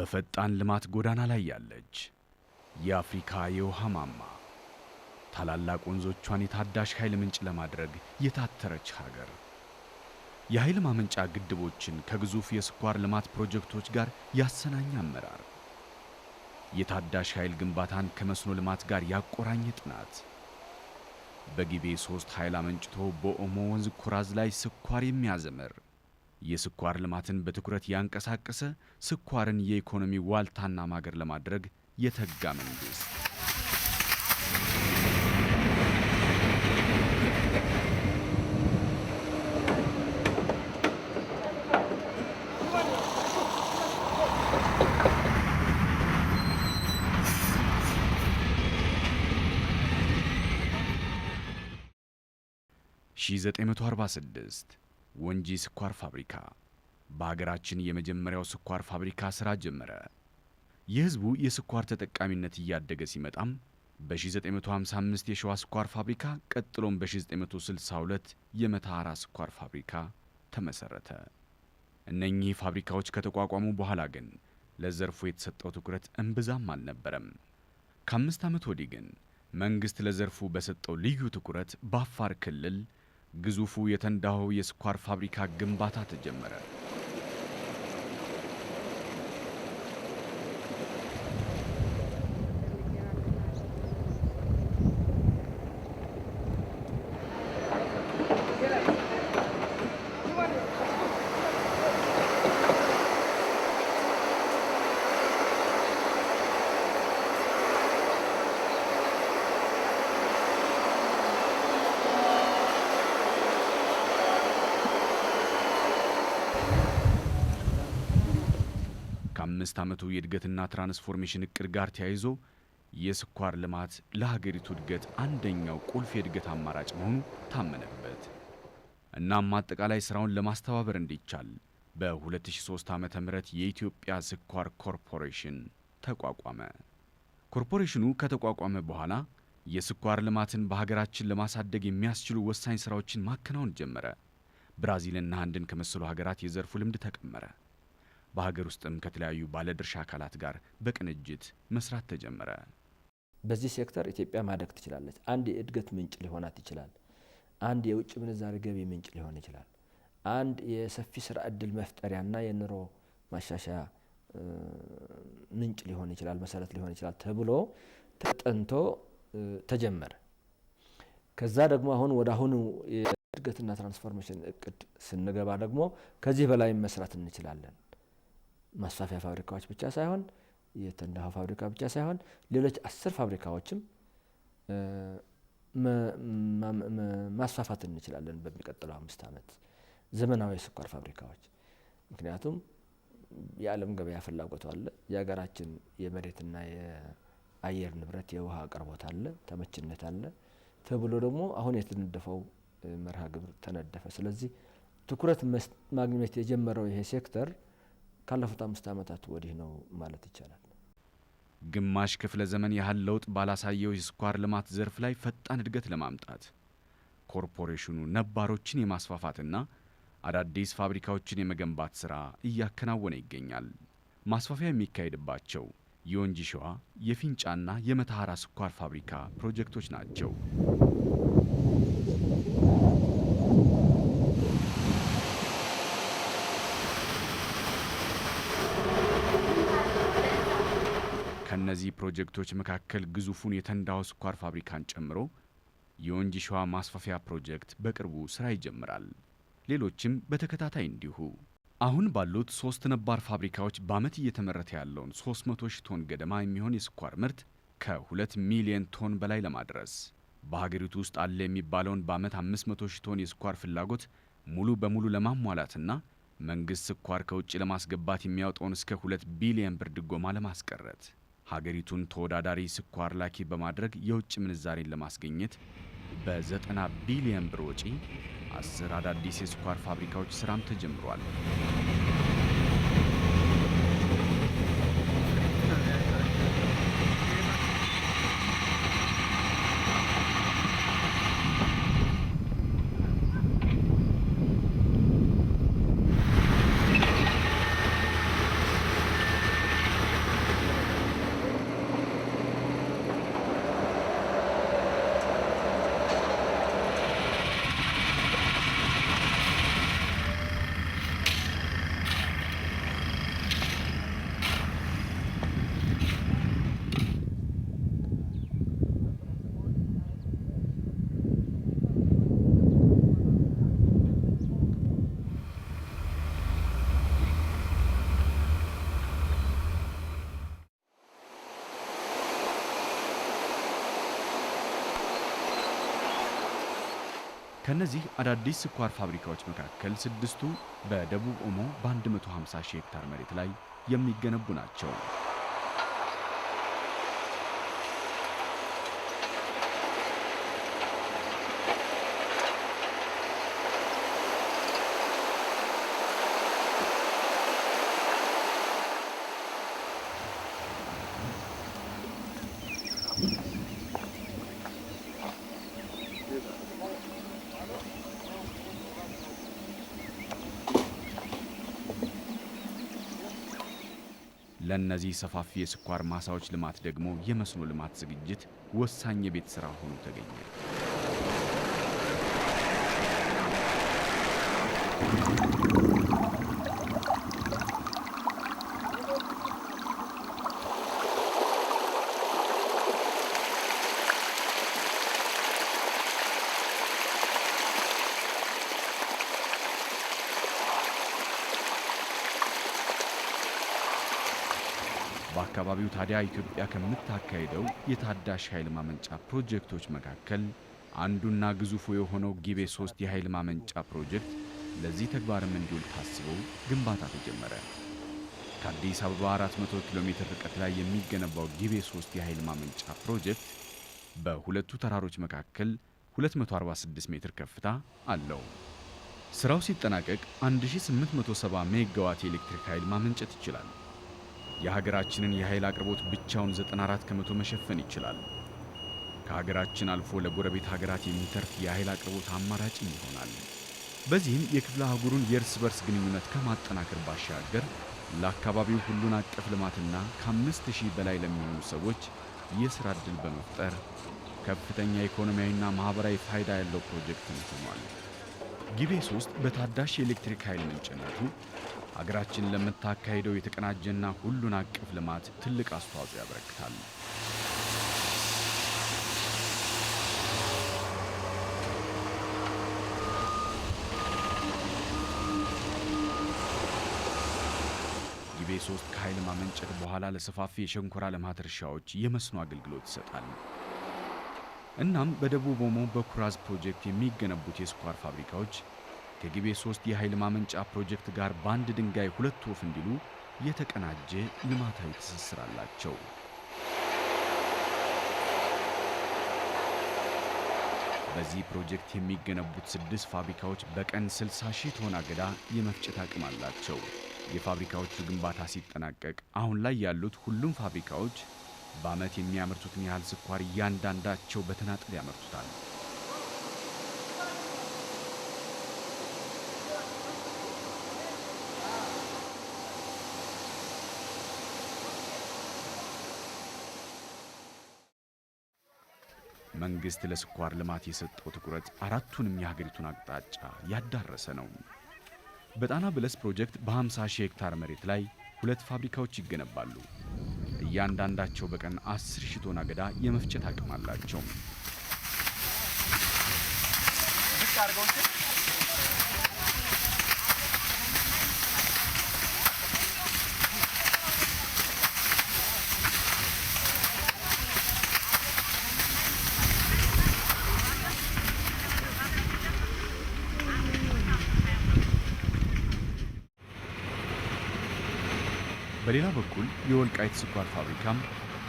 በፈጣን ልማት ጎዳና ላይ ያለች የአፍሪካ የውሃ ማማ ታላላቅ ወንዞቿን የታዳሽ ኃይል ምንጭ ለማድረግ የታተረች ሀገር የኃይል ማመንጫ ግድቦችን ከግዙፍ የስኳር ልማት ፕሮጀክቶች ጋር ያሰናኝ አመራር፣ የታዳሽ ኃይል ግንባታን ከመስኖ ልማት ጋር ያቆራኝ ጥናት፣ በጊቤ ሶስት ኃይል አመንጭቶ በኦሞ ወንዝ ኩራዝ ላይ ስኳር የሚያዘምር የስኳር ልማትን በትኩረት ያንቀሳቀሰ ስኳርን የኢኮኖሚ ዋልታና ማገር ለማድረግ የተጋ መንግስት ሺ 946 ወንጂ ስኳር ፋብሪካ በሀገራችን የመጀመሪያው ስኳር ፋብሪካ ሥራ ጀመረ። የሕዝቡ የስኳር ተጠቃሚነት እያደገ ሲመጣም በ1955 የሸዋ ስኳር ፋብሪካ ቀጥሎም በ1962 የመተሐራ ስኳር ፋብሪካ ተመሠረተ። እነኚህ ፋብሪካዎች ከተቋቋሙ በኋላ ግን ለዘርፉ የተሰጠው ትኩረት እምብዛም አልነበረም። ከአምስት ዓመት ወዲህ ግን መንግሥት ለዘርፉ በሰጠው ልዩ ትኩረት በአፋር ክልል ግዙፉ የተንዳሆ የስኳር ፋብሪካ ግንባታ ተጀመረ። ከአምስት ዓመቱ የእድገትና ትራንስፎርሜሽን እቅድ ጋር ተያይዞ የስኳር ልማት ለሀገሪቱ እድገት አንደኛው ቁልፍ የእድገት አማራጭ መሆኑ ታመነበት። እናም አጠቃላይ ስራውን ለማስተባበር እንዲቻል በ2003 ም የኢትዮጵያ ስኳር ኮርፖሬሽን ተቋቋመ። ኮርፖሬሽኑ ከተቋቋመ በኋላ የስኳር ልማትን በሀገራችን ለማሳደግ የሚያስችሉ ወሳኝ ስራዎችን ማከናወን ጀመረ። ብራዚልና ህንድን ከመሰሉ ሀገራት የዘርፉ ልምድ ተቀመረ። በሀገር ውስጥም ከተለያዩ ባለድርሻ አካላት ጋር በቅንጅት መስራት ተጀመረ። በዚህ ሴክተር ኢትዮጵያ ማደግ ትችላለች። አንድ የእድገት ምንጭ ሊሆናት ይችላል። አንድ የውጭ ምንዛሪ ገቢ ምንጭ ሊሆን ይችላል። አንድ የሰፊ ስራ እድል መፍጠሪያና የኑሮ ማሻሻያ ምንጭ ሊሆን ይችላል፣ መሰረት ሊሆን ይችላል ተብሎ ተጠንቶ ተጀመረ። ከዛ ደግሞ አሁን ወደ አሁኑ የእድገትና ትራንስፎርሜሽን እቅድ ስንገባ ደግሞ ከዚህ በላይ መስራት እንችላለን። ማስፋፊያ ፋብሪካዎች ብቻ ሳይሆን የተንዳሆ ፋብሪካ ብቻ ሳይሆን ሌሎች አስር ፋብሪካዎችም ማስፋፋት እንችላለን በሚቀጥለው አምስት ዓመት ዘመናዊ የስኳር ፋብሪካዎች። ምክንያቱም የዓለም ገበያ ፍላጎቱ አለ። የሀገራችን የመሬትና የአየር ንብረት የውሃ አቅርቦት አለ፣ ተመችነት አለ ተብሎ ደግሞ አሁን የተነደፈው መርሃ ግብር ተነደፈ። ስለዚህ ትኩረት ማግኘት የጀመረው ይሄ ሴክተር ካለፉት አምስት ዓመታት ወዲህ ነው ማለት ይቻላል። ግማሽ ክፍለ ዘመን ያህል ለውጥ ባላሳየው የስኳር ልማት ዘርፍ ላይ ፈጣን እድገት ለማምጣት ኮርፖሬሽኑ ነባሮችን የማስፋፋትና አዳዲስ ፋብሪካዎችን የመገንባት ሥራ እያከናወነ ይገኛል። ማስፋፊያ የሚካሄድባቸው የወንጂ ሸዋ የፊንጫና የመተሐራ ስኳር ፋብሪካ ፕሮጀክቶች ናቸው። ከእነዚህ ፕሮጀክቶች መካከል ግዙፉን የተንዳሆ ስኳር ፋብሪካን ጨምሮ የወንጂ ሸዋ ማስፋፊያ ፕሮጀክት በቅርቡ ስራ ይጀምራል። ሌሎችም በተከታታይ እንዲሁ። አሁን ባሉት ሶስት ነባር ፋብሪካዎች በዓመት እየተመረተ ያለውን 300 ሺህ ቶን ገደማ የሚሆን የስኳር ምርት ከ2 ሚሊዮን ቶን በላይ ለማድረስ በሀገሪቱ ውስጥ አለ የሚባለውን በዓመት 500 ሺህ ቶን የስኳር ፍላጎት ሙሉ በሙሉ ለማሟላትና መንግስት ስኳር ከውጭ ለማስገባት የሚያወጣውን እስከ 2 ቢሊዮን ብር ድጎማ ለማስቀረት ሀገሪቱን ተወዳዳሪ ስኳር ላኪ በማድረግ የውጭ ምንዛሬን ለማስገኘት በ90 ቢሊዮን ብር ወጪ አስር አዳዲስ የስኳር ፋብሪካዎች ስራም ተጀምሯል። ከእነዚህ አዳዲስ ስኳር ፋብሪካዎች መካከል ስድስቱ በደቡብ ኦሞ በ150 ሺህ ሄክታር መሬት ላይ የሚገነቡ ናቸው። ለእነዚህ ሰፋፊ የስኳር ማሳዎች ልማት ደግሞ የመስኖ ልማት ዝግጅት ወሳኝ የቤት ሥራ ሆኖ ተገኘ። Thank you. በአካባቢው ታዲያ ኢትዮጵያ ከምታካሄደው የታዳሽ ኃይል ማመንጫ ፕሮጀክቶች መካከል አንዱና ግዙፉ የሆነው ጊቤ ሶስት የኃይል ማመንጫ ፕሮጀክት ለዚህ ተግባርም እንዲውል ታስበው ግንባታ ተጀመረ። ከአዲስ አበባ 400 ኪሎ ሜትር ርቀት ላይ የሚገነባው ጊቤ ሶስት የኃይል ማመንጫ ፕሮጀክት በሁለቱ ተራሮች መካከል 246 ሜትር ከፍታ አለው። ስራው ሲጠናቀቅ 1870 ሜጋዋት የኤሌክትሪክ ኃይል ማመንጨት ይችላል። የሀገራችንን የኃይል አቅርቦት ብቻውን 94 ከመቶ መሸፈን ይችላል። ከሀገራችን አልፎ ለጎረቤት ሀገራት የሚተርፍ የኃይል አቅርቦት አማራጭም ይሆናል። በዚህም የክፍለ አህጉሩን የእርስ በርስ ግንኙነት ከማጠናከር ባሻገር ለአካባቢው ሁሉን አቀፍ ልማትና ከአምስት ሺህ በላይ ለሚሆኑ ሰዎች የሥራ ዕድል በመፍጠር ከፍተኛ ኢኮኖሚያዊና ማኅበራዊ ፋይዳ ያለው ፕሮጀክት ሆኗል። ጊቤ 3 በታዳሽ የኤሌክትሪክ ኃይል ምንጭነቱ ሀገራችን ለምታካሄደው የተቀናጀና ሁሉን አቀፍ ልማት ትልቅ አስተዋጽኦ ያበረክታል። ጊቤ ሶስት ከኃይል ማመንጨት በኋላ ለሰፋፊ የሸንኮራ ልማት እርሻዎች የመስኖ አገልግሎት ይሰጣል። እናም በደቡብ ኦሞ በኩራዝ ፕሮጀክት የሚገነቡት የስኳር ፋብሪካዎች ከግቤ ሶስት የኃይል ማመንጫ ፕሮጀክት ጋር በአንድ ድንጋይ ሁለት ወፍ እንዲሉ የተቀናጀ ልማታዊ ትስስር አላቸው። በዚህ ፕሮጀክት የሚገነቡት ስድስት ፋብሪካዎች በቀን 60 ሺህ ቶን አገዳ የመፍጨት አቅም አላቸው። የፋብሪካዎቹ ግንባታ ሲጠናቀቅ አሁን ላይ ያሉት ሁሉም ፋብሪካዎች በዓመት የሚያመርቱትን ያህል ስኳር እያንዳንዳቸው በተናጠል ያመርቱታል። መንግሥት ለስኳር ልማት የሰጠው ትኩረት አራቱንም የሀገሪቱን አቅጣጫ ያዳረሰ ነው። በጣና በለስ ፕሮጀክት በ50 ሺህ ሄክታር መሬት ላይ ሁለት ፋብሪካዎች ይገነባሉ። እያንዳንዳቸው በቀን 10 ሺህ ቶን አገዳ የመፍጨት አቅም አላቸው። በሌላ በኩል የወልቃይት ስኳር ፋብሪካም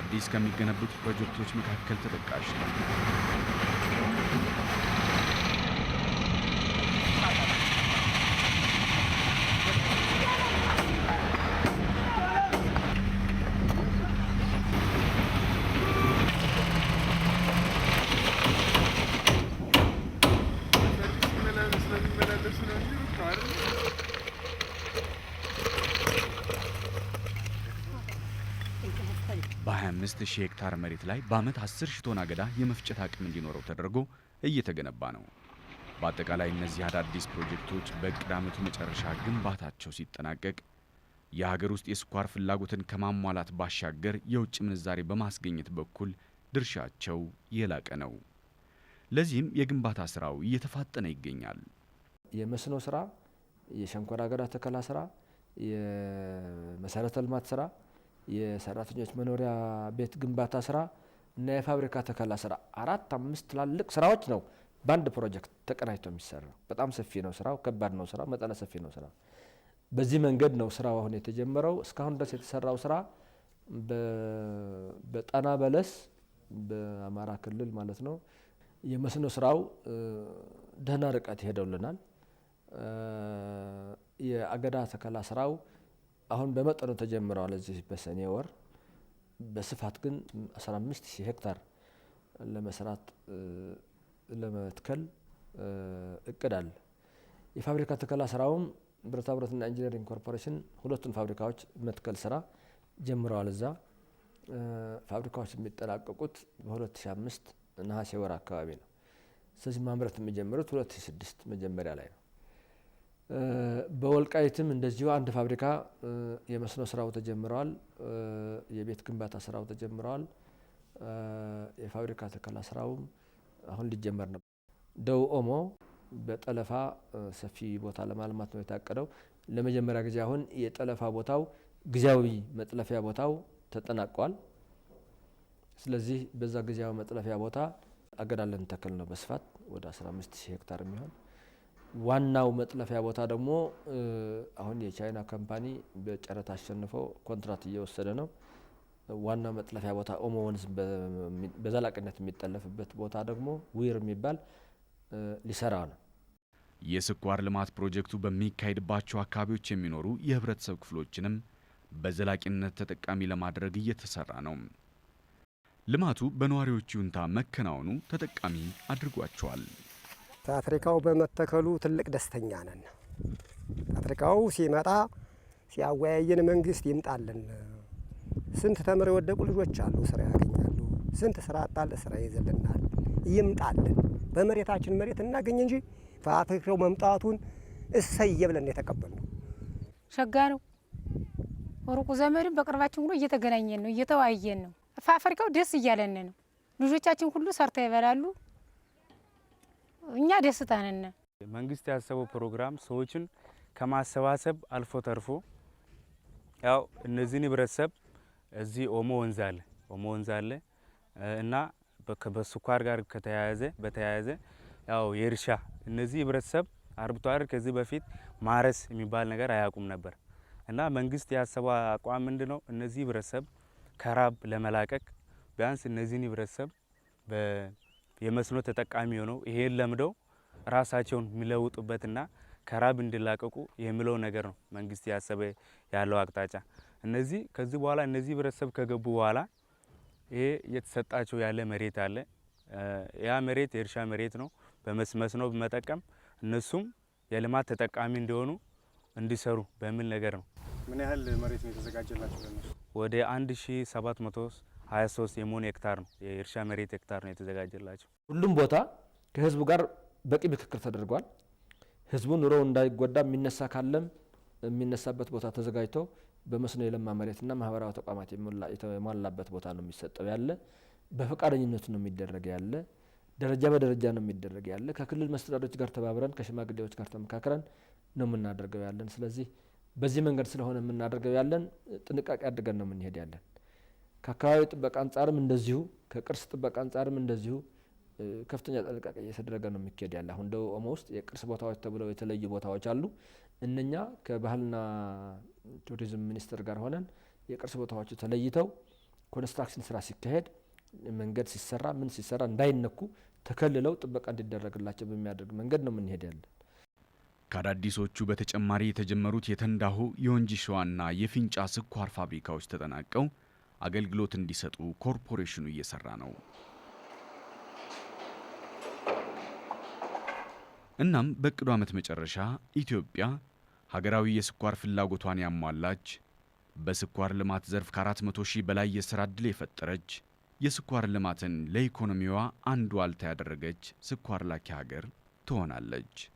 አዲስ ከሚገነቡት ፕሮጀክቶች መካከል ተጠቃሽ ነው። በ ሄክታር መሬት ላይ በዓመት አስር ሺ ቶን አገዳ የመፍጨት አቅም እንዲኖረው ተደርጎ እየተገነባ ነው። በአጠቃላይ እነዚህ አዳዲስ ፕሮጀክቶች በዕቅድ ዓመቱ መጨረሻ ግንባታቸው ሲጠናቀቅ የሀገር ውስጥ የስኳር ፍላጎትን ከማሟላት ባሻገር የውጭ ምንዛሬ በማስገኘት በኩል ድርሻቸው የላቀ ነው። ለዚህም የግንባታ ስራው እየተፋጠነ ይገኛል። የመስኖ ስራ፣ የሸንኮራ አገዳ ተከላ ስራ፣ የመሰረተ ልማት ስራ የሰራተኞች መኖሪያ ቤት ግንባታ ስራ እና የፋብሪካ ተከላ ስራ አራት አምስት ትላልቅ ስራዎች ነው በአንድ ፕሮጀክት ተቀናጅቶ የሚሰራው። በጣም ሰፊ ነው ስራው፣ ከባድ ነው ስራው፣ መጠነ ሰፊ ነው ስራው። በዚህ መንገድ ነው ስራው አሁን የተጀመረው። እስካሁን ድረስ የተሰራው ስራ በጣና በለስ በአማራ ክልል ማለት ነው የመስኖ ስራው ደህና ርቀት ይሄደውልናል። የአገዳ ተከላ ስራው አሁን በመጠኑ ተጀምረዋል እዚህ በሰኔ ወር በስፋት ግን 15 ሺህ ሄክታር ለመስራት ለመትከል እቅድ አለ። የፋብሪካ ተከላ ስራውም ብረታ ብረትና ኢንጂነሪንግ ኮርፖሬሽን ሁለቱን ፋብሪካዎች መትከል ስራ ጀምረዋል። እዛ ፋብሪካዎች የሚጠናቀቁት በ2005 ነሐሴ ወር አካባቢ ነው። ስለዚህ ማምረት የሚጀምሩት 2006 መጀመሪያ ላይ ነው። በወልቃይትም እንደዚሁ አንድ ፋብሪካ የመስኖ ስራው ተጀምረዋል። የቤት ግንባታ ስራው ተጀምረዋል። የፋብሪካ ተከላ ስራውም አሁን ሊጀመር ነው። ደቡብ ኦሞ በጠለፋ ሰፊ ቦታ ለማልማት ነው የታቀደው። ለመጀመሪያ ጊዜ አሁን የጠለፋ ቦታው ጊዜያዊ መጥለፊያ ቦታው ተጠናቋል። ስለዚህ በዛ ጊዜያዊ መጥለፊያ ቦታ አገዳለን ተክል ነው በስፋት ወደ 15 ሺህ ሄክታር የሚሆን ዋናው መጥለፊያ ቦታ ደግሞ አሁን የቻይና ካምፓኒ በጨረታ አሸንፈው ኮንትራት እየወሰደ ነው። ዋናው መጥለፊያ ቦታ ኦሞ ወንዝ በዘላቂነት የሚጠለፍበት ቦታ ደግሞ ዊር የሚባል ሊሰራ ነው። የስኳር ልማት ፕሮጀክቱ በሚካሄድባቸው አካባቢዎች የሚኖሩ የህብረተሰብ ክፍሎችንም በዘላቂነት ተጠቃሚ ለማድረግ እየተሰራ ነው። ልማቱ በነዋሪዎች ይሁንታ መከናወኑ ተጠቃሚ አድርጓቸዋል። ታትሪካው በመተከሉ ትልቅ ደስተኛ ነን። ታትሪካው ሲመጣ ሲያወያየን መንግስት ይምጣልን። ስንት ተምር የወደቁ ልጆች አሉ፣ ስራ ያገኛሉ። ስንት ስራ አጣል፣ ስራ ይዘልናል። ይምጣልን፣ በመሬታችን መሬት እናገኝ እንጂ ታትሪካው መምጣቱን እሰየ ብለን ሸጋ ነው። ሩቁ ዘመድም በቅርባችን ሁሉ እየተገናኘን ነው፣ እየተወያየን ነው። አፍሪካው ደስ እያለን ነው። ልጆቻችን ሁሉ ሰርተው ይበላሉ። እኛ ደስታ ነን። መንግስት ያሰበው ፕሮግራም ሰዎችን ከማሰባሰብ አልፎ ተርፎ ያው እነዚህን ህብረተሰብ እዚህ ኦሞ ወንዝ አለ ኦሞ ወንዝ አለ እና በስኳር ጋር ከተያያዘ በተያያዘ ያው የእርሻ እነዚህ ህብረተሰብ አርብቶ አደር ከዚህ በፊት ማረስ የሚባል ነገር አያውቁም ነበር እና መንግስት ያሰበው አቋም ምንድን ነው? እነዚህ ህብረተሰብ ከራብ ለመላቀቅ ቢያንስ እነዚህን ህብረተሰብ የመስኖ ተጠቃሚ ሆነው ይሄን ለምደው ራሳቸውን የሚለውጡበትና ከራብ እንዲላቀቁ የሚለው ነገር ነው መንግስት ያሰበ ያለው አቅጣጫ። እነዚህ ከዚህ በኋላ እነዚህ ህብረተሰብ ከገቡ በኋላ ይሄ እየተሰጣቸው ያለ መሬት አለ። ያ መሬት የእርሻ መሬት ነው። በመስመስኖ በመጠቀም እነሱም የልማት ተጠቃሚ እንዲሆኑ እንዲሰሩ በሚል ነገር ነው። ምን ያህል መሬት ነው የተዘጋጀላቸው? ወደ 1700 23 የሚሆን ሄክታር ነው የእርሻ መሬት ሄክታር ነው የተዘጋጀላቸው። ሁሉም ቦታ ከህዝቡ ጋር በቂ ምክክር ተደርጓል። ህዝቡ ኑሮ እንዳይጎዳ የሚነሳ ካለም የሚነሳበት ቦታ ተዘጋጅቶ በመስኖ የለማ መሬትና ማህበራዊ ተቋማት የተሟላበት ቦታ ነው የሚሰጠው ያለ በፈቃደኝነቱ ነው የሚደረግ ያለ ደረጃ በደረጃ ነው የሚደረግ ያለ ከክልል መስተዳድሮች ጋር ተባብረን ከሽማግሌዎች ጋር ተመካክረን ነው የምናደርገው ያለን። ስለዚህ በዚህ መንገድ ስለሆነ የምናደርገው ያለን ጥንቃቄ አድርገን ነው የምንሄድ ያለን። ከአካባቢ ጥበቃ አንጻርም እንደዚሁ ከቅርስ ጥበቃ አንጻርም እንደዚሁ ከፍተኛ ጥንቃቄ እየተደረገ ነው የሚካሄድ ያለ። አሁን ደቡብ ኦሞ ውስጥ የቅርስ ቦታዎች ተብለው የተለዩ ቦታዎች አሉ። እነኛ ከባህልና ቱሪዝም ሚኒስቴር ጋር ሆነን የቅርስ ቦታዎቹ ተለይተው ኮንስትራክሽን ስራ ሲካሄድ መንገድ ሲሰራ ምን ሲሰራ እንዳይነኩ ተከልለው ጥበቃ እንዲደረግላቸው በሚያደርግ መንገድ ነው የምንሄድ ያለን። ከአዳዲሶቹ በተጨማሪ የተጀመሩት የተንዳሆ የወንጂ ሸዋና የፊንጫ ስኳር ፋብሪካዎች ተጠናቀው አገልግሎት እንዲሰጡ ኮርፖሬሽኑ እየሰራ ነው። እናም በእቅዱ ዓመት መጨረሻ ኢትዮጵያ ሀገራዊ የስኳር ፍላጎቷን ያሟላች በስኳር ልማት ዘርፍ ከ400 ሺህ በላይ የሥራ ዕድል የፈጠረች የስኳር ልማትን ለኢኮኖሚዋ አንዱ ዋልታ ያደረገች ስኳር ላኪ ሀገር ትሆናለች።